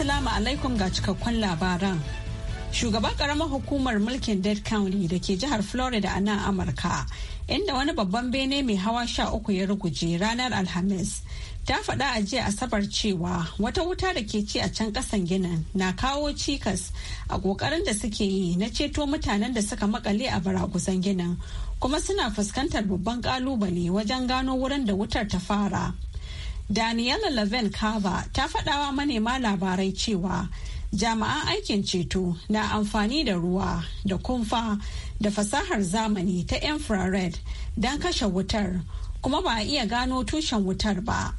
Assalamu alaikum ga cikakkun labaran. Shugaban karamar hukumar mulkin Dead County da ke jihar Florida a nan Amurka, inda wani babban bene mai hawa sha uku ya ruguje ranar Alhamis. Ta faɗa a jiya Asabar cewa wata wuta da ke ci a can ƙasan ginin na kawo cikas a ƙoƙarin da suke yi na ceto mutanen da suka makale a barakusan ginin, kuma suna fuskantar babban ƙalubale wajen gano wurin da wutar ta fara. Daniela laven Kava ta faɗawa manema labarai cewa jami'an aikin ceto na amfani da ruwa da kumfa da fasahar zamani ta infrared don kashe wutar kuma ba a iya gano tushen wutar ba.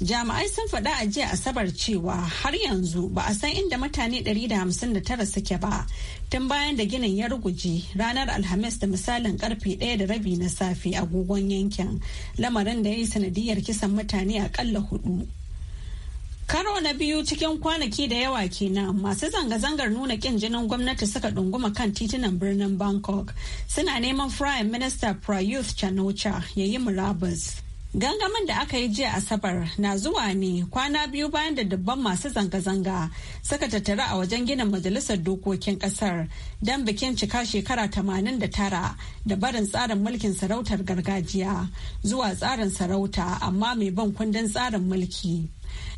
Jami'ai sun faɗa a jiya Asabar cewa har yanzu ba a san inda mutane 159 suke ba tun bayan da ginin ya ruguje ranar Alhamis da misalin karfe 1 da rabi na safe agogon yankin lamarin da ya yi sanadiyar kisan mutane akalla hudu. Karo na biyu cikin kwanaki da yawa kenan masu zanga-zangar nuna kin jinin gwamnati suka ɗunguma kan titunan birnin Bangkok suna neman Prime Minister Prayuth Chanocha ya yi murabus. Gangamin da aka yi jiya Asabar na zuwa ne kwana biyu bayan da dubban masu zanga-zanga suka tattara a wajen gina Majalisar Dokokin Kasar don bikin cika shekara tamanin da tara da barin tsarin mulkin sarautar gargajiya zuwa tsarin sarauta amma mai ban kundin tsarin mulki.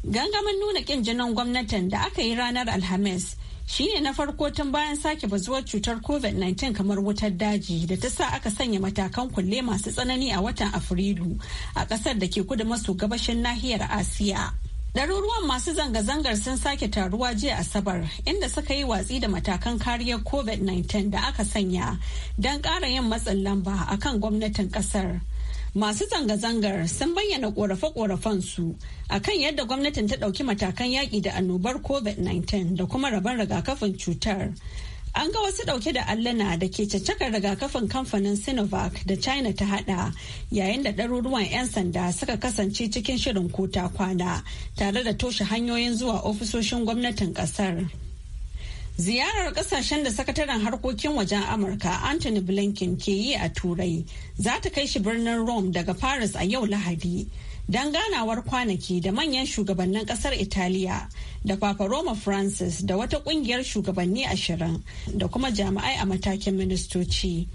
Gangamin nuna kin jinin gwamnatin da aka yi ranar Alhamis Shi ne na farko tun bayan sake bazuwar cutar covid-19 kamar wutar daji da ta sa aka sanya matakan kulle masu tsanani a watan afrilu a kasar da ke kudu maso gabashin nahiyar asiya Ɗaruruwan masu zanga-zangar sun sake taruwa jiya Asabar inda suka yi watsi da matakan kariyar COVID-19 da aka sanya don ƙara yin matsin lamba a kan gwamnatin ƙasar. Masu zanga-zangar sun bayyana korafe-korafen su akan yadda gwamnatin ta ɗauki matakan yaƙi da annobar COVID-19 da kuma rabon rigakafin cutar. An ga wasu ɗauke da allana da ke caccakar rigakafin kamfanin Sinovac da China ta hada yayin da ɗaruruwan 'yan sanda suka kasance cikin shirin kota kwana tare da toshe hanyoyin zuwa ofisoshin gwamnatin ƙasar. Ziyarar kasashen da sakataren harkokin wajen Amurka Anthony Blinken ke yi a Turai za ta kai shi birnin Rome daga Paris a yau Lahadi don ganawar kwanaki da manyan shugabannin kasar Italiya da Papa Roma Francis da wata kungiyar shugabanni ashirin da kuma jami'ai a matakin ministoci.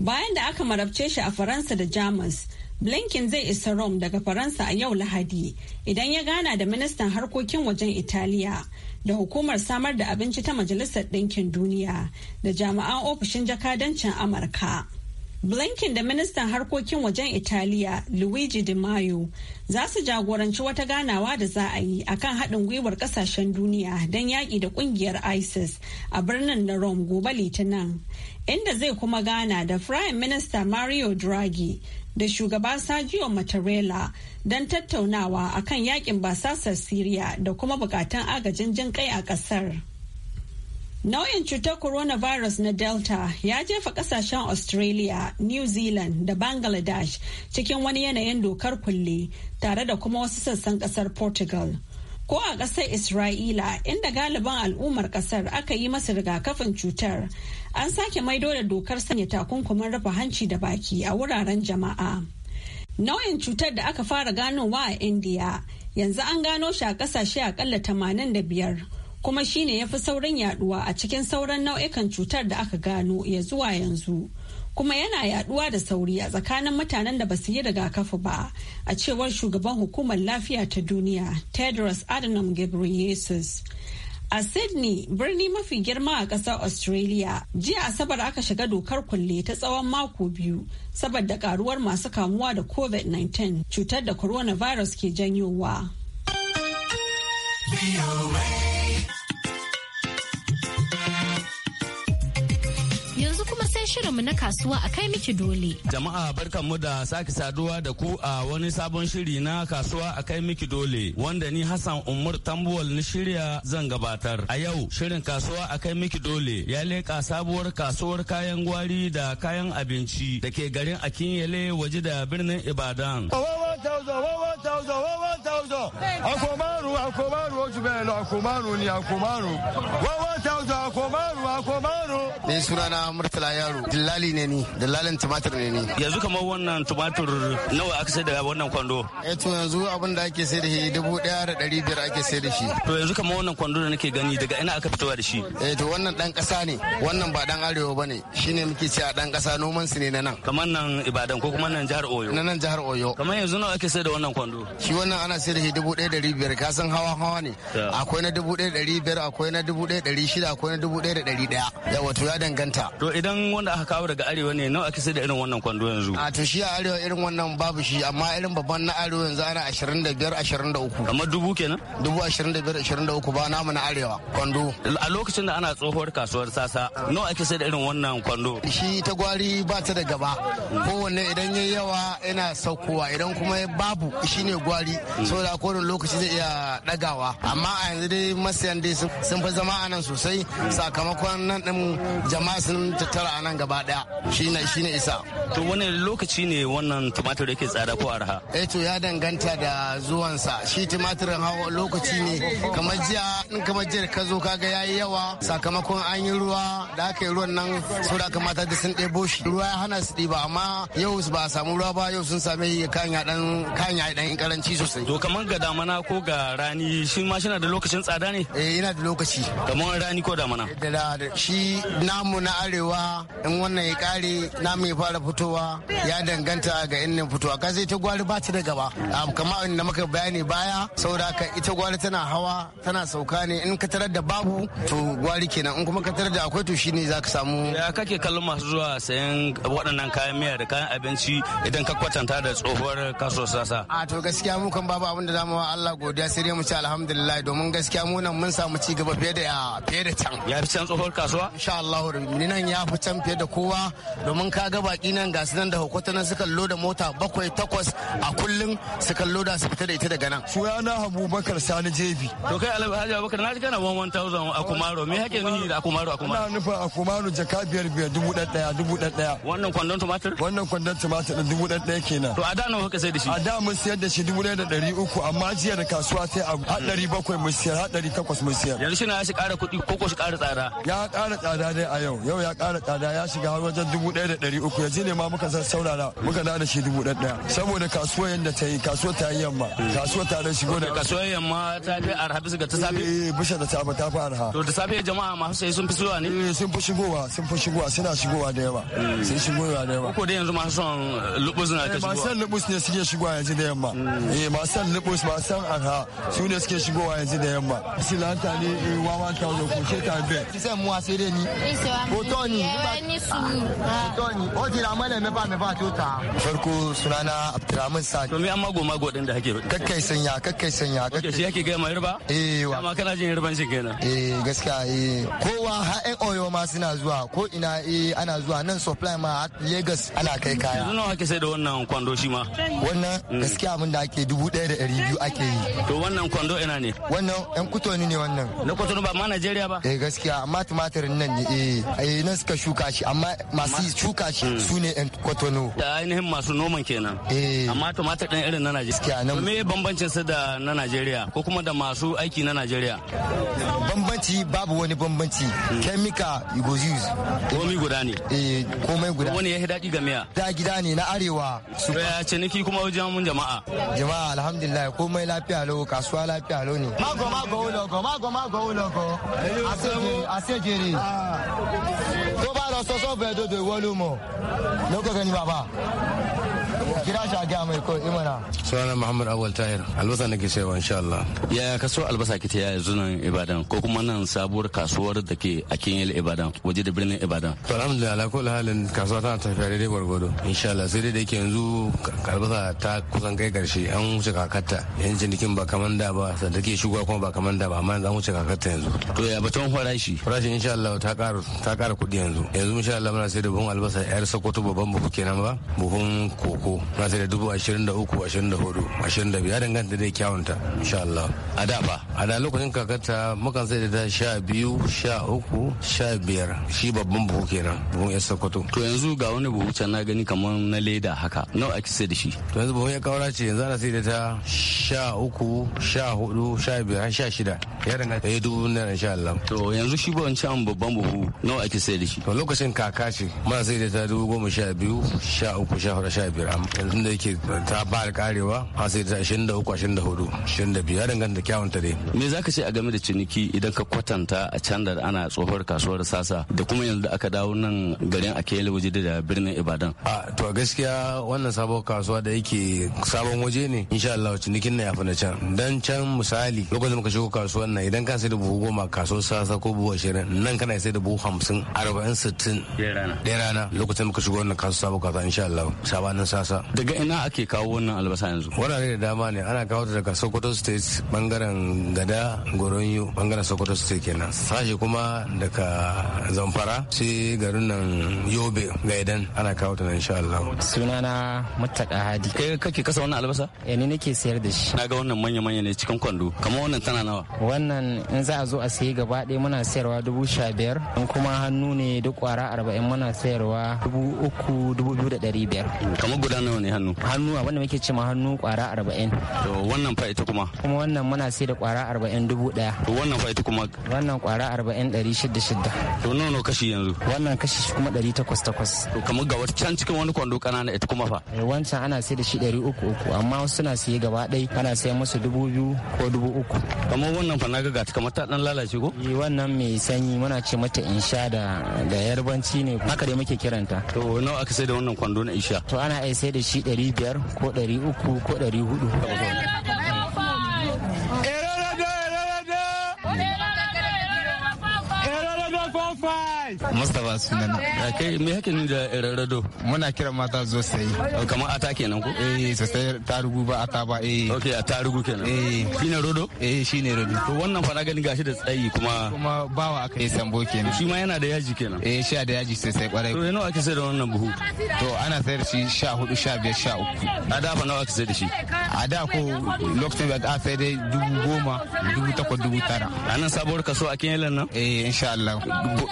Bayan da aka marabce shi a Faransa da Jamus, Blinken zai isa Rome daga Faransa a yau Lahadi idan ya gana da ministan harkokin wajen Italiya. da hukumar samar da abinci ta majalisar ɗinkin duniya da jami'an ofishin jakadancin amurka blinken da ministan harkokin wajen italiya luigi di mayo za su jagoranci wata ganawa da za a yi akan haɗin gwiwar ƙasashen duniya don yaƙi da ƙungiyar isis a birnin na rome gobe litinin inda zai kuma gana da prime minister mario draghi da shugaba Sajio Matarela don tattaunawa akan yakin basasar Siriya da kuma bukatan agajin jin kai a ƙasar. Nau'in cutar coronavirus na Delta ya jefa kasashen Australia, New Zealand da Bangladesh cikin wani yanayin dokar kulle tare da kuma wasu sassan ƙasar Portugal. ko a ƙasar Isra'ila inda galiban al'ummar ƙasar aka yi masa rigakafin cutar an sake maido da dokar sanya takunkumin rufe hanci da baki a wuraren jama'a. Nau'in cutar da aka fara ganowa a Indiya yanzu an gano shi a ƙasashe aƙalla tamanin da biyar kuma shine ya fi saurin yaduwa a cikin sauran nau'ikan cutar da aka gano ya zuwa yanzu. kuma yana yaduwa da sauri a tsakanin mutanen da ba su yi rigakafi ba a cewar shugaban hukumar lafiya ta duniya tedros adhanom ghebreyesus a sydney birni mafi girma a ƙasar australia jiya asabar aka shiga dokar kulle ta tsawon mako biyu saboda karuwar masu kamuwa da covid-19 cutar da coronavirus ke janyowa. yanzu kuma sai shirin mu na kasuwa a kai miki dole. Jama'a mu da sake saduwa da ku a wani sabon shiri na kasuwa a kai miki dole wanda ni Hassan Umar Tambuwal na shirya zan gabatar. A yau shirin kasuwa a kai miki dole ya leƙa sabuwar kasuwar kayan gwari da kayan abinci da ke garin Akinyele waje da birnin Ibadan. tauzo wawa tauzo wawa tauzo akomaru akomaru ojubelo akomaru ni akomaru wawa tauzo akomaru akomaru ni sunana murtala yaro dillali ne ni dillalin tumatur ne ni yanzu kamar wannan tumatur nawa aka sai da wannan kwando eh to yanzu abin da ake sai da shi dubu daya da dari biyar ake sai da shi to yanzu kamar wannan kwando da nake gani daga ina aka fitowa da shi eh to wannan dan kasa ne wannan ba dan arewa bane shine muke cewa dan kasa noman su ne na nan kamar nan ibadan ko kuma nan jihar oyo na nan jihar oyo kamar yanzu nawa ake sai da wannan kwando shi wannan ana sai da shi dubu ɗaya ɗari biyar ka san hawa hawa ne akwai na dubu ɗaya ɗari biyar akwai na dubu ɗaya ɗari shida akwai na dubu ɗaya da ɗari ɗaya yawa to ya danganta to idan wanda aka kawo daga arewa ne nawa ake sai da irin wannan kwando yanzu a to shi a arewa irin wannan babu shi amma irin babban na arewa yanzu ana ashirin da biyar ashirin da uku Amma dubu kenan dubu ashirin da biyar ashirin da uku ba namu na arewa kwando a lokacin da ana tsohuwar kasuwar sasa nawa ake sai da irin wannan kwando shi ta gwari ba ta da gaba kowanne idan yawa yana saukowa idan kuma bayan babu shine gwari saboda kowane lokaci zai iya dagawa. amma a yanzu dai masayan dai sun fi zama a nan sosai sakamakon nan ɗin jama'a sun tattara a nan gaba ɗaya shine shine isa to wani lokaci ne wannan tumatir yake tsada ko arha eh to ya danganta da zuwan sa. shi tumatirin hawa lokaci ne kamar jiya in kamar jiya ka zo kaga yayi yawa sakamakon an yi ruwa da aka yi ruwan nan saboda kamata da sun ɗebo shi ruwa ya hana su ɗiba amma yau ba a samu ruwa ba yau sun same kan ya dan dan kayan yayi dan karanci sosai to kamar ga damana ko ga rani shi ma shi na da lokacin tsada ne eh yana da lokaci kamar rani ko damana da shi namu na arewa in wannan ya kare namu ya fara fitowa ya danganta ga inda fitowa ka sai ta gwari ba ta da gaba kamar inda muka bayani baya saboda ka ita gwari tana hawa tana sauka ne in ka tarar da babu to gwari kenan in kuma ka tarar da akwai to shine zaka samu ya kake kallon masu zuwa sayan waɗannan kayan miya da kayan abinci idan ka kwatanta da tsohuwar kasuwa so sasa a to gaskiya mu kan babu abin da zamu wa Allah godiya sai dai mu ci alhamdulillah domin gaskiya mu nan mun samu ci gaba fiye da fiye da can ya fi can tsohon kasuwa insha Allah ni nan ya fi can fiye da kowa domin ka ga baki nan ga su nan da hukuta nan suka loda mota bakwai takwas a kullun suka loda su fita da ita daga nan suyana Bakar Sani Jebi to kai Alhaji Abubakar na ji kana 1000 a Kumaro me hake nihi da Kumaro a Kumaro ina nufin a Kumaro jaka biyar biyar dubu ɗaya dubu ɗaya wannan kwandon tumatir wannan kwandon tumatir dubu ɗaya kenan to a da nawa kuka sai shi a da mun siyar da shi dubu ɗaya da ɗari uku amma jiya da kasuwa sai a har ɗari bakwai mun siyar har ɗari takwas mun siyar yanzu shi na ya shi ƙara kuɗi ko ko shi ƙara tsada ya ƙara tsada dai a yau yau ya ƙara tsada ya shiga har wajen dubu ɗaya da ɗari uku yanzu ne ma muka san saurara muka da shi dubu ɗaya saboda kasuwa yadda ta yi kasuwa ta yi yamma kasuwa ta da shigo da kasuwa yamma ta fi arha bisa ga ta safe eh bisa da safe ta fi arha to da safe jama'a masu sai sun fi zuwa ne eh sun fi shigowa sun fi shigowa suna shigowa da yawa hmm. sun shigowa da yawa ko da yanzu masu son lubus na ta shigowa eh, masu son lubus ne suke shigowa yanzu da yamma eh masu san lipos masu san arha su ne suke shigowa yanzu da yamma lanta ne eh, wa wa ta wani ko she ta be sai mu sai dai ni hoto eh, ni hoto ni o tira mana me ba me ba ta. Tota. farko sunana abdurrahman sa to me amma goma din da hake. kakkai sanya kakkai sanya kakkai shi yake ga mai riba eh wa amma kana jin riban shi kenan eh gaskiya eh kowa ha ɗan oyo ma suna zuwa ko ina eh ana zuwa nan supply ma Lagos ana kai kaya. Yanzu nawa sai da wannan kwando shi ma? Wannan nan mm. gaskiya abin da ake dubu ɗaya da ɗari biyu ake yi. To wannan kwando ina ne? Wannan yan kutoni ne wannan. Na kutoni ba ma Najeriya ba? Eh gaskiya amma tumatirin nan ne eh eh nan suka shuka shi amma masu shuka shi mm. su ne yan kwatano. Da ainihin masu noman kenan. Eh. Amma tumatir ɗin irin na Najeriya. nan. Me bambancin su da na Najeriya ko kuma da masu aiki na Najeriya? Bambanci babu wani bambanci. kemika mm. you go use. Komai guda ne. Eh komai guda. Wani ya daɗi ga miya? Da gida ne na arewa. Su ya ciniki kuma jamun jama'a jama'a alhamdulillah komai lafiya lo kasuwa lafiya lo ne mago mago logo mago mago logo asejere ah. tó bá lọ sọsọ bẹẹ dodo ìwọlú mọ lókè kẹni bàbá Kira shi a gaya mai ko imana. Sunana Muhammad Awal Tahir. Albasa nake cewa insha Allah. Ya kaso albasa kike ya yanzu nan Ibadan ko kuma nan sabuwar kasuwar da ke a Kinyel Ibadan waje da birnin Ibadan. To alhamdulillah ala kulli halin kasuwa tana tafiya daidai gwargwado. Insha Allah sai dai da yake yanzu albasa ta kusan kai karshe an wuce kakarta. Yanzu cinikin ba kaman da ba da take shigowa kuma ba kaman da ba amma yanzu an wuce kakarta yanzu. To ya batun farashi? Farashi insha Allah ta ƙara ta ƙara kuɗi yanzu. Yanzu insha Allah muna sai da buhun albasa yar Sokoto babban buhu kenan ba buhun koko farko sai da dubu ashirin da uku ashirin da hudu ashirin da biyar danganta da kyawunta insha Allah a da fa a da lokacin kakata mukan sai da ta sha biyu sha uku sha biyar shi babban buhu kenan buhun ya sakwato to yanzu ga wani buhu can na gani kamar na leda haka nawa ake sai da shi to yanzu buhun ya kawara ce yanzu ana sai da ta sha uku sha hudu sha biyar sha shida ya danganta ya dubu naira insha Allah to yanzu shi ba wancan babban buhu nawa ake sai da shi to lokacin kaka ce muna sai da ta dubu goma sha biyu sha uku sha hudu sha biyar yanzu da yake ta fara karewa har sai ta 23 24 25 ya danganta kyawun ta dai me zaka ce a game da ciniki idan ka kwatanta a can da ana tsohuwar kasuwar sasa da kuma yanzu da aka dawo nan garin akele waje da birnin ibadan a to gaskiya wannan sabon kasuwa da yake sabon waje ne insha Allah cinikin na yafi na can dan can misali lokacin muka shigo kasuwar nan idan ka sai da buhu goma kasuwar sasa ko buhu ashirin nan kana sai da buhu hamsin arba'in sittin ɗaya rana lokacin muka shigo wannan kasuwa sabon kasuwa insha Allah sabanin sasa albasa daga ina ake kawo wannan albasa yanzu wurare da dama ne ana kawo ta daga sokoto state bangaren gada goronyo bangaren sokoto state kenan sashi kuma daga zamfara sai garin nan yobe gaidan ana kawo ta nan insha Allah sunana mutaka hadi kai kake kasa wannan albasa eh ni nake sayar da shi na ga wannan manya manya ne cikin kwando kamar wannan tana nawa wannan in za a zo a sayi gaba ɗaya muna sayarwa dubu sha biyar in kuma hannu ne duk kwara arba'in muna sayarwa dubu uku dubu biyu da ɗari biyar kamar guda nawa ne hannu hannu abinda muke ce ma hannu kwara arba'in to wannan fa ita kuma kuma wannan muna sai da kwara arba'in dubu daya to wannan fa ita kuma wannan kwara arba'in ɗari shidda shidda to nawa nawa kashi yanzu wannan kashi kuma ɗari takwas takwas to kamar ga can cikin wani kwando kanana ita kuma fa eh, wancan ana sai da shi ɗari uku uku amma wasu suna sai gaba dai ana sai musu dubu biyu ko dubu uku kamar wannan fa naga ga kamar ta dan lalace ko eh, wannan mai sanyi muna ce mata insha da da yarbanci ne haka dai muke kiranta to nawa aka sai da wannan kwando na insha to ana sai da shi 500 ko 300 ko 400 Fire! Mustapha sunana. Eh, kai me hake ni da rarrado? Muna kiran mata zo sai. Eh, kamar ata kenan ko? Eh sosai tarugu ba ata ba eh. Ok a tarugu kenan. Eh shine rodo? Eh shine rodo. To wannan fa na gani gashi da tsayi kuma. Kuma bawa aka yi sambo kenan. Shi ma yana da yaji kenan. Eh shi da yaji sai kwarai. To yana ake sai da wannan buhu? To ana sai da shi sha 15 sha biyar sha uku. A da fa nawa ake sai da shi? A da ko lokacin da aka sai da dubu goma dubu takwas dubu tara. A nan sabuwar kaso a kenan nan? Eh insha Allah.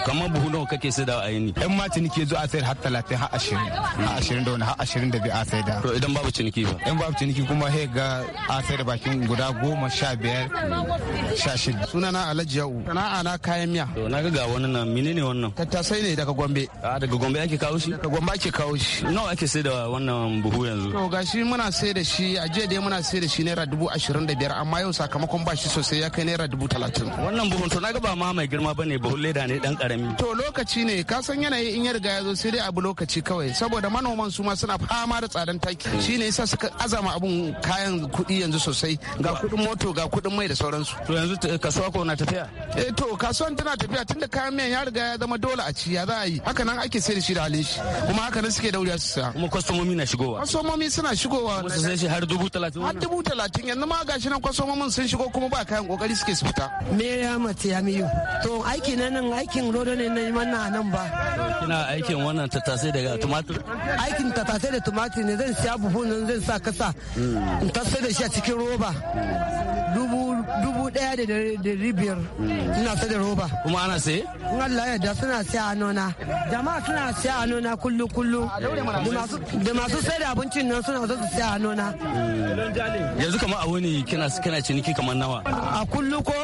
Kamar buhu dubu nawa kake sai da a yini yan ma ciniki zuwa sayar har talatin har ashirin har ashirin da wani har ashirin da biyu a sai da to idan babu ciniki ba yan babu ciniki kuma he ga a sai da bakin guda goma sha biyar sha shida sunana alhaji yau sana'a na kayan miya to na ga ga wani nan menene wannan tattasai ne daga gombe a ah, daga gombe ake kawo shi daga gombe ake kawo shi nawa ake sai da wannan buhu yanzu to gashi muna sai da shi a jiya dai muna sai da shi naira dubu ashirin da biyar amma yau sakamakon ba shi sosai ya kai naira dubu talatin wannan buhun to na ga ba ma mai girma bane buhun leda ne dan karami to lokaci ne ka san yanayi in ya riga ya zo sai dai abu lokaci kawai saboda manoman su ma suna fama da tsadan taki shine yasa suka azama abun kayan kuɗi yanzu sosai ga kuɗin moto ga kuɗin mai da sauransu to yanzu eh, kasuwa ko na tafiya eh to kasuwan tana tafiya tunda kayan miyan ya riga ya zama dole a ci ya za a yi haka nan ake sai da shi da halin shi kuma haka nan suke dauriya su sa kuma kwastomomi na shigowa kwastomomi suna shigowa wasu sai shi har dubu talatin har dubu talatin yanzu ma gashi nan kwastomomin sun shigo kuma ba kayan kokari suke su fita me ya mata ya miyo to aiki na nan aikin rodo ne na yi mana nan ba. Kina aikin wannan tattase daga tumatir? Aikin tattase da tumatir ne zan siya buhu nan zan sa kasa. Hmm. In tattase da shi a cikin roba. Dubu ɗaya da dari biyar. Hmm. Ina sai da roba. Kuma ana sai? in Allah ya da suna siya a nuna. jama'a suna siya a nuna kullu kullu da masu sai da abincin nan suna zo su siya a nuna. yanzu kamar a wani kina kana ciniki kamar nawa a kullu ko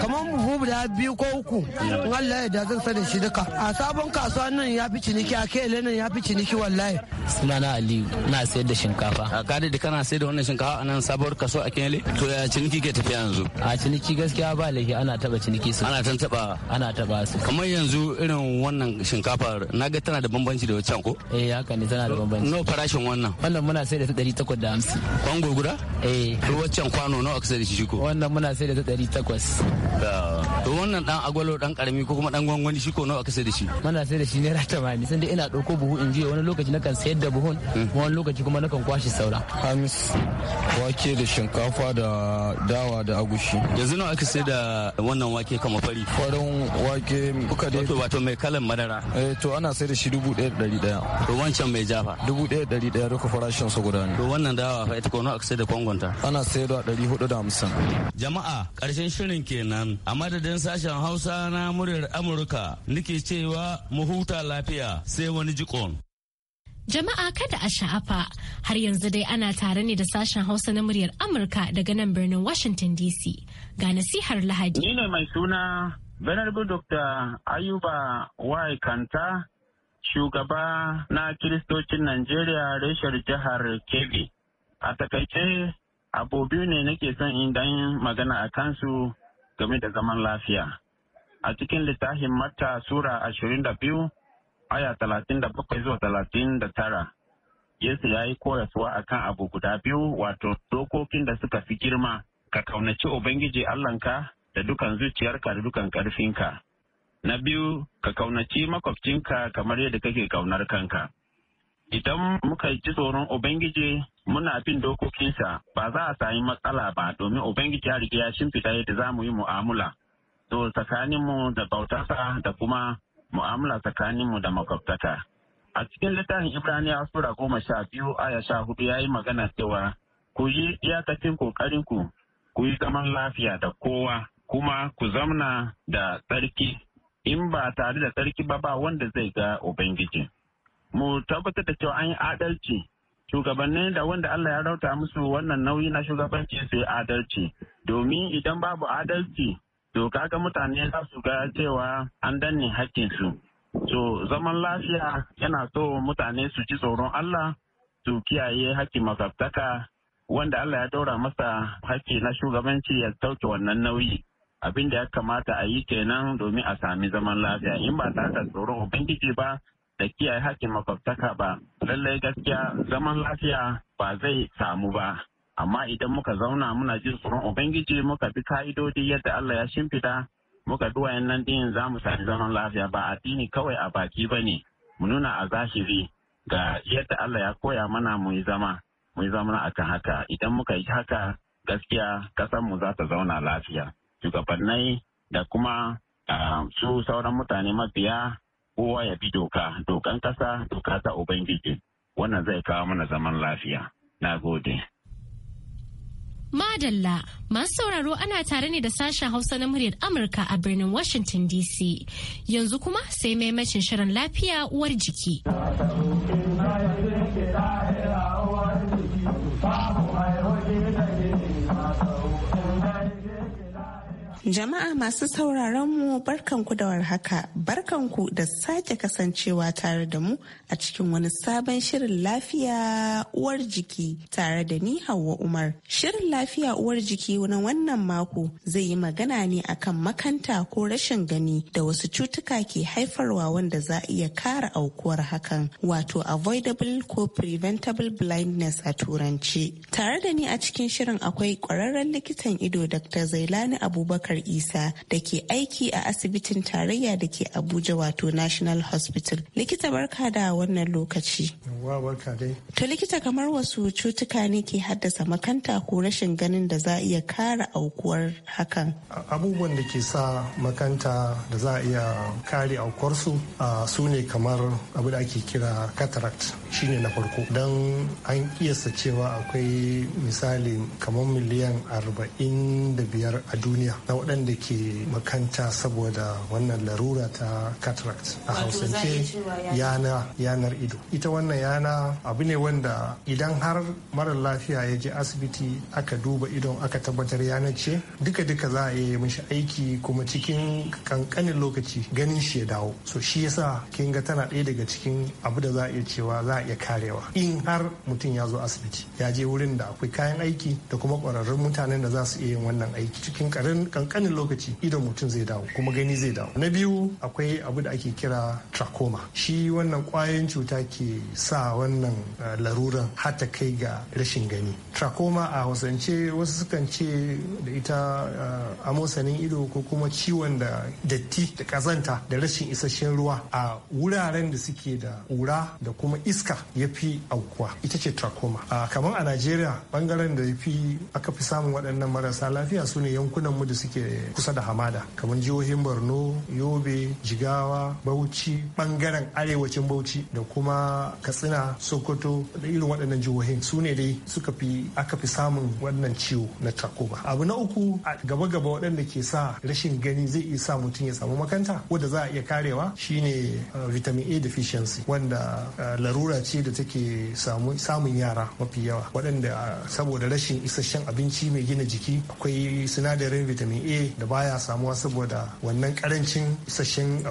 kamar buhu da biyu ko uku in Allah ya da zan sai da shi duka a sabon kasuwa nan ya fi ciniki a kele nan ya fi ciniki wallahi na Ali, na sayar da shinkafa a kada da kana sayar da wannan shinkafa a nan sabuwar kaso a kele to ya ciniki ke tafiya yanzu a ciniki gaskiya ba laifi ana taba ciniki su ana tantaba. ana taba su kamar yanzu irin wannan shinkafar na ga tana da bambanci da wancan ko eh haka ne tana da bambanci no farashin wannan wannan muna sai da ta 850 kwan guda eh to wancan kwano nawa aka sai da shi ko wannan muna sai da ta 800 to wannan dan agwalo dan karami ko kuma dan gwangwani shi ko nawa aka sai da shi muna sai da shi naira 80 sun dai ina dauko buhu in je wani lokaci nakan sayar da buhun hmm. wani lokaci kuma nakan kwashi saura hamis wake da shinkafa da dawa da agushi yanzu nawa aka sai da wannan wake kama fari farin wake Kuka dai. Wato mai kalan madara. Eh to ana sai da shi dubu ɗaya da ɗari ɗaya. To wancan mai jafa. Dubu ɗaya da ɗari ɗaya duka farashin su guda ne. To wannan dawa fa ita ko nawa aka sai da kwangonta. Ana sai da ɗari hudu da hamsin. Jama'a ƙarshen shirin kenan a madadin sashen Hausa na muryar Amurka nake cewa mu huta lafiya sai wani jikon. Jama'a kada a sha'afa har yanzu dai ana tare ne da sashen Hausa na muryar Amurka daga nan birnin Washington DC ga nasihar Lahadi. Ni ne mai suna Venerable Dr. Ayuba Y. Kanta, shugaba na Kiristocin Najeriya reshar jihar Kebbi. A takaice, abu biyu ne nake son in dan magana a kansu game da zaman lafiya. A cikin littafin Mata Sura ashirin da biyu, aya talatin da bakwai zuwa talatin da tara. Yesu ya yi koyaswa a kan abu guda biyu wato dokokin da suka fi girma, ka kaunaci Ubangiji Allahnka da dukan zuciyarka da dukan ƙarfinka. Na biyu, ka kaunaci makwabcinka kamar yadda kake kaunar kanka. Idan muka ji tsoron Ubangiji muna bin dokokinsa ba za a sami matsala ba domin Ubangiji ya riga ya shimfita yadda za mu yi mu'amala. To tsakaninmu da bautarsa da kuma mu'amala tsakaninmu da makwabtaka. A cikin littafin Ibraniya Sura goma sha biyu aya sha hudu ya yi magana cewa ku yi iyakacin ƙoƙarinku ku yi zaman lafiya da kowa kuma ku zamna da tsarki in ba tare da tsarki ba ba wanda zai ga Ubangiji. Mu tabbatar da cewa an yi adalci shugabanni da wanda Allah ya rauta musu wannan nauyi na shugabanci su yi adalci domin idan babu adalci to kaga mutane za su ga cewa an danne hakkinsu. To zaman lafiya yana so mutane su ji tsoron Allah su kiyaye haƙƙin mazabtaka wanda Allah ya daura masa haƙƙi na shugabanci ya sauke wannan nauyi. abin da ya kamata a yi kenan domin a sami zaman lafiya in ba ta haka tsoron ubangiji ba da kiyaye haƙƙin makwabtaka ba lallai gaskiya zaman lafiya ba zai samu ba amma idan muka zauna muna jin tsoron ubangiji muka bi ka'idodi yadda Allah ya shimfida muka bi wayannan dinin za mu sami zaman lafiya ba addini kawai a baki ba ne mu nuna a zahiri ga yadda Allah ya koya mana mu yi zama mu yi zama akan haka idan muka yi haka gaskiya kasan mu za ta zauna lafiya shugabannai da kuma ah, su sauran mutane mabiya kowa ya bi doka dokan kasa doka ta ubangiji wannan zai kawo mana zaman lafiya na gode Madalla masu sauraro ana tare ne da sashen Hausa na muryar Amurka a birnin Washington DC. Yanzu kuma sai maimacin shirin lafiya uwar jiki. Jama'a masu sauraron mu barkanku da warhaka, barkanku da sake kasancewa tare da mu a cikin wani sabon shirin lafiya uwar jiki tare da ni Hauwa Umar. Shirin lafiya uwar jiki na wannan mako zai yi magana ne akan makanta ko rashin gani da wasu cutuka ke haifarwa wanda za a iya kara aukuwar hakan wato avoidable ko preventable blindness a turanci. Tare da ni a cikin shirin akwai kwararren likitan ido Dr. Zailani Abubakar jihar isa da ke aiki a asibitin tarayya da ke abuja wato national hospital likita barka da wannan lokaci to likita kamar wasu cutuka ne ke haddasa makanta ko rashin ganin da za a iya kare aukuwar hakan abubuwan da ke sa makanta da za a iya kare aukuwarsu su ne kamar abu da ake kira cataract shine na farko don an kiyasta cewa akwai misali kamar miliyan 45 a duniya waɗanda ke makanta saboda wannan larura ta cataract a hausance yana yanar ido ita wannan yana abu ne wanda idan har marar lafiya ya je asibiti aka duba idon aka tabbatar yanar ce duka-duka za a iya mishi aiki kuma cikin kankanin lokaci ganin shi ya dawo so shi yasa kin ga tana ɗaya daga cikin abu da za a iya cewa za a iya karewa in har mutum ya zo asibiti ya je wurin da akwai kayan aiki da kuma ƙwararrun mutanen da za su iya yin wannan aiki cikin ƙarin. kankanin lokaci ido mutum zai dawo kuma gani zai dawo na biyu akwai abu da ake kira trachoma shi wannan kwayoyin cuta ke sa wannan eh, laruran har ta kai ga rashin gani trachoma a hausance wasu sukan ce da ita eh, amosanin ido ko kuma ciwon da datti da kazanta da rashin isasshen ruwa a wuraren da suke da ƙura da kuma iska ya fi aukuwa ita ce trachoma kamar a najeriya bangaren da ya fi aka fi samun waɗannan marasa lafiya su ne yankunan mu da suke ke kusa da hamada kamar jihohin borno yobe jigawa bauchi bangaren arewacin bauchi da kuma katsina sokoto da irin waɗannan jihohin su ne dai suka fi aka fi samun wannan ciwo na takoba abu na uku a gaba gaba waɗanda ke sa rashin gani zai iya sa mutum ya samu makanta wanda za a iya karewa shine uh, vitamin a deficiency wanda uh, larura ce da take samun yara mafi yawa waɗanda uh, saboda rashin isasshen abinci mai gina jiki akwai sinadarin vitamin a e da baya samuwa saboda wannan karancin isasshen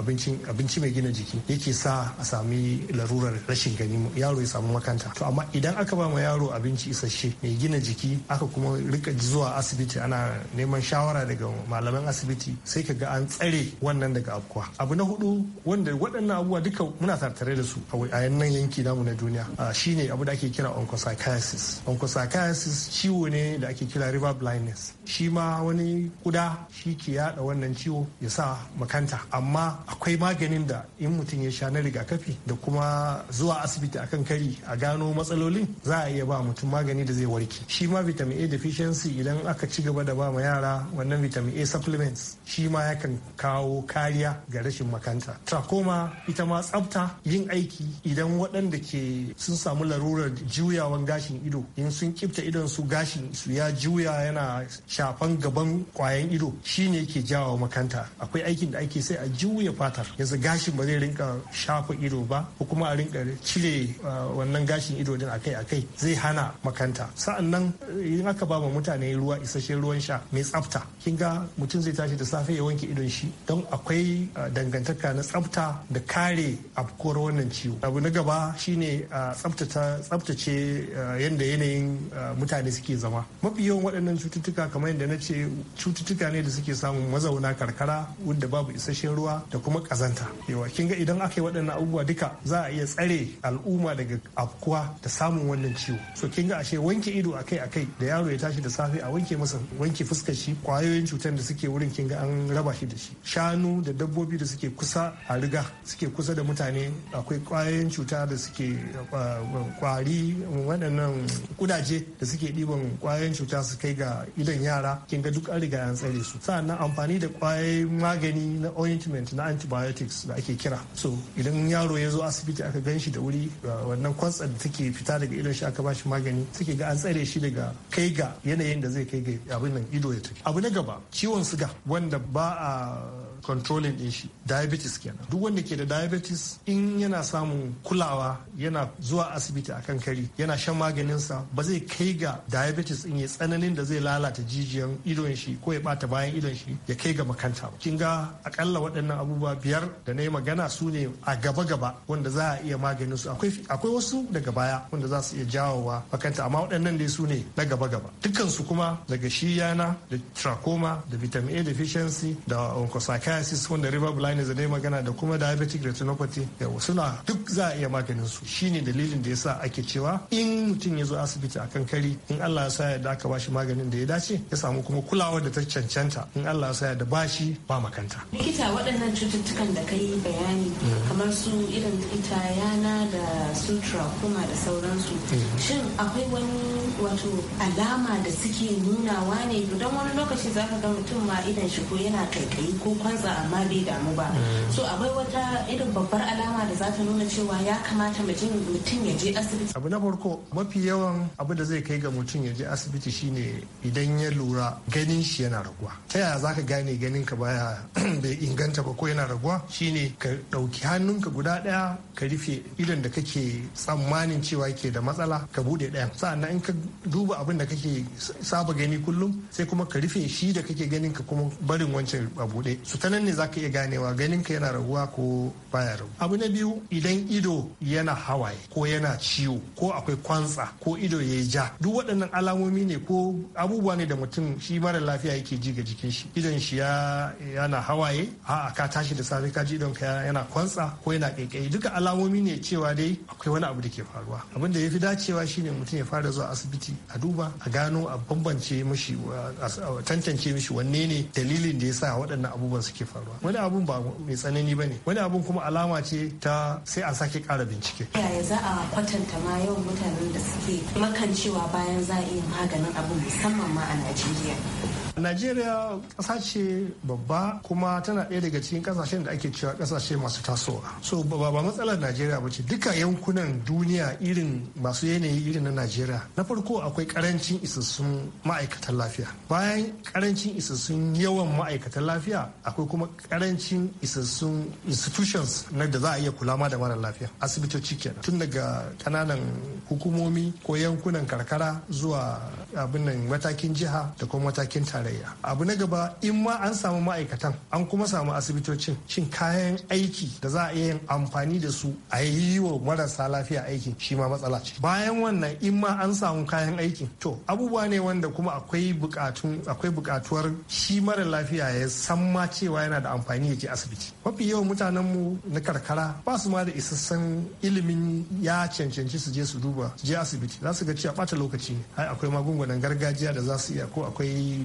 abinci mai gina jiki yake sa a sami larurar rashin gani yaro ya samu makanta to amma idan aka ba ma yaro abinci isasshe mai gina jiki aka kuma rika zuwa asibiti ana neman shawara daga malaman asibiti sai ka ga an tsare wannan daga abuwa abu na hudu wanda waɗannan abubuwa duka muna tattare da su a yannan yanki namu na duniya shine abu da ake kira onchocerciasis onchocerciasis ciwo ne da ake kira river blindness shi ma wani kuda shi ke yaɗa wannan ciwo ya sa makanta amma akwai maganin da in mutum ya sha na rigakafi da kuma zuwa asibiti akan kari a gano matsalolin za a iya ba mutum magani da zai warke shi ma vitamin a deficiency idan aka ci gaba da ba ma yara wannan vitamin a supplements shi ma yakan kawo kariya ga rashin makanta trachoma ita ma tsafta yin aiki idan waɗanda ke sun samu larurar juyawan gashin ido in sun kifta idon su gashin su ya juya yana shafan gaban kwayan ido shine yake jawo makanta akwai aikin da ake sai a juya fatar yanzu gashin ba zai rinka shafa ido ba ko kuma a rinka cire ah, wannan gashin ido din akai akai zai hana makanta sa'annan idan aka ba mutane ruwa isasshen ruwan sha mai tsafta kin ga mutum zai tashi da safe ya wanke idon shi don akwai ah, dangantaka na tsafta da kare afkuwar wannan ciwo abu na gaba shine ah, tsaftace yadda yanayin mutane suke zama mafi yawan waɗannan cututtuka kamar yadda na ce cututtuka mutane da suke samun mazauna karkara wanda babu isasshen ruwa da kuma kazanta yawa kinga idan aka yi waɗannan abubuwa duka za a iya tsare al'umma daga afkuwa da samun wannan ciwo so kinga ashe wanke ido akai akai da yaro ya tashi da safe a wanke masa wanke fuskar shi kwayoyin cutar da suke wurin kinga an raba shi da shi shanu da dabbobi da suke kusa a riga suke kusa da mutane akwai kwayoyin cuta da suke kwari waɗannan kudaje da suke ɗiban kwayoyin cuta su kai ga idan yara kinga duk an riga an tsare kare su sa'annan amfani da kwayoyin magani na ointment na antibiotics da ake kira so idan yaro ya zo asibiti aka gan shi da wuri wannan kwatsar da take fita daga idon shi aka ba shi magani take ga an tsare shi daga kai ga yanayin da zai kai ga abin nan ido ya tafi abu na gaba ciwon suga wanda ba a controlling din shi diabetes kenan duk wanda ke da diabetes in yana samun kulawa yana zuwa asibiti akan kari yana shan maganinsa ba zai kai ga diabetes in ya tsananin da zai lalata jijiyan idon shi ko ya bata bayan idon shi ya kai ga makanta ba kin ga akalla waɗannan abubuwa biyar da na yi magana su ne a gaba gaba wanda za a iya maganin su akwai akwai wasu daga baya wanda za su iya jawowa makanta amma waɗannan dai su ne na gaba gaba dukkan su kuma daga shiyana da trachoma da vitamin A deficiency da oncocytic psoriasis wanda river blindness da magana da kuma diabetic retinopathy yawa suna duk za a iya maganin su shine dalilin da yasa ake cewa in mutum ya zo asibiti akan kari in Allah ya sa ya da aka bashi maganin da ya dace ya samu kuma kulawar da ta cancanta in Allah ya sa ya da bashi ba makanta likita waɗannan cututtukan da kai bayani mm. kamar su irin ita yana da sutra kuma da sauransu mm. shin akwai wani wato alama da suke nunawa ne don wani lokaci zaka ga mutum ma idan shi ko yana kaikayi ko kwan canza amma bai damu ba mm. so akwai wata irin babbar alama da za ta nuna cewa ya kamata mutum ya je asibiti abu na farko mafi yawan abu da zai kai ga mutum ya je asibiti shine idan ya lura ganin shi yana raguwa ta yaya zaka gane ganin ka baya bai inganta ba ko yana raguwa shine ka ɗauki hannunka guda ɗaya ka rufe idan da kake tsammanin cewa ke da matsala ka bude daya sa'annan in ka duba abin da kake saba gani kullum sai kuma ka rufe shi da kake ganin ka kuma barin wancan a buɗe su ta nan ne za ka iya ganewa ganin ka yana raguwa ko baya rabu abu na biyu idan ido yana hawaye ko yana ciwo ko akwai kwantsa ko ido ya yi ja duk waɗannan alamomi ne ko abubuwa ne da mutum shi mara lafiya yake ji ga jikin shi idon shi yana hawaye a ka tashi da safe ka ji idon ka yana kwantsa ko yana ƙaiƙayi duka alamomi ne cewa dai akwai wani abu da ke faruwa abin da ya fi dacewa shine mutum ya fara zuwa asibiti a duba a gano a bambance mishi a tantance mishi wanne ne dalilin da ya sa waɗannan abubuwan su suke faruwa wani abun ba mai tsanani ba ne wani abun kuma alama ce ta sai a sake kara bincike yaya za a kwatanta ma yawan mutanen da suke makancewa bayan za a iya maganin abun musamman ma a najeriya Najeriya ƙasa ce babba kuma tana ɗaya daga cikin ƙasashen da ake cewa ƙasashe masu tasowa. So ba matsalar Najeriya ba ce duka yankunan duniya irin masu yanayi irin na Najeriya. Na farko akwai ƙarancin isassun ma'aikatan lafiya. Bayan ƙarancin isassun yawan ma'aikatan lafiya akwai kuma ƙarancin isassun institutions na da za a iya kula ma da mara lafiya. Asibitoci kenan tun daga ƙananan hukumomi ko yankunan karkara zuwa abin nan matakin jiha da kuma matakin tare. tarayya abu na gaba in ma an samu ma'aikatan an kuma samu asibitocin shin kayan aiki da za a iya amfani da su a yi wa marasa lafiya aiki shi ma matsala ce bayan wannan in ma an samu kayan aiki to abubuwa ne wanda kuma akwai bukatun akwai bukatuwar shi mara lafiya ya san ma cewa yana da amfani yake asibiti mafi yawan mutanen mu na karkara ba su ma da isassan ilimin ya cancanci su je su duba su je asibiti za su ga cewa bata lokaci ne ai akwai magungunan gargajiya da za su iya ko akwai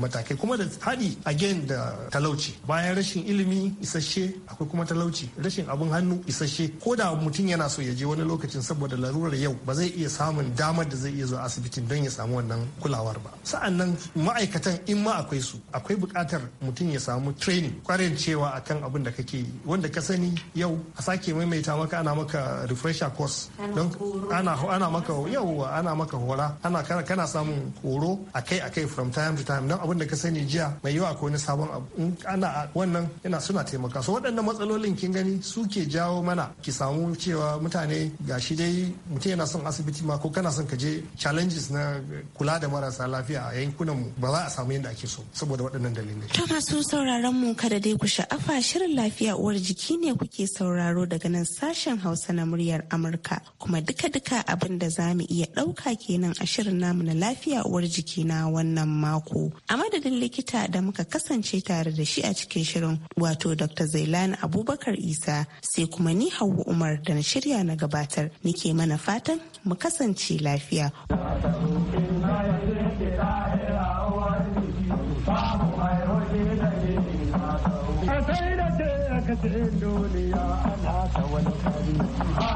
matakai kuma da haɗi a gen da talauci bayan rashin ilimi isasshe akwai kuma talauci rashin abin hannu isasshe ko da mutum yana so ya je wani lokacin saboda larurar yau ba zai iya samun damar da zai iya zuwa asibitin don ya samu wannan kulawar ba sa'annan ma'aikatan in ma akwai su akwai buƙatar mutum ya samu training kwarin cewa akan abin da kake yi wanda ka sani yau a sake maimaita maka ana maka refresher course don ana ana maka yau ana maka hora ana kana samun horo akai akai from time to time wannan abin da ka sani jiya mai yawa ko wani sabon abu in ana wannan yana suna taimaka so waɗannan matsalolin kin gani suke jawo mana ki samu cewa mutane gashi dai mutum yana son asibiti ma ko kana son ka je challenges na kula da marasa lafiya a yankunan mu ba za a samu yadda ake so saboda waɗannan dalilai. To masu sauraron mu kada dai ku sha'afa shirin lafiya uwar jiki ne kuke sauraro daga nan sashen Hausa na muryar Amurka kuma duka-duka abin da za mu iya ɗauka kenan a shirin namu na lafiya uwar jiki na wannan mako. a madadin likita da muka kasance tare da shi a cikin shirin wato dr zailani abubakar isa sai kuma ni hawa umar da na shirya na gabatar nike mana fatan mu kasance lafiya sai da ta duniya ana ta wani kari.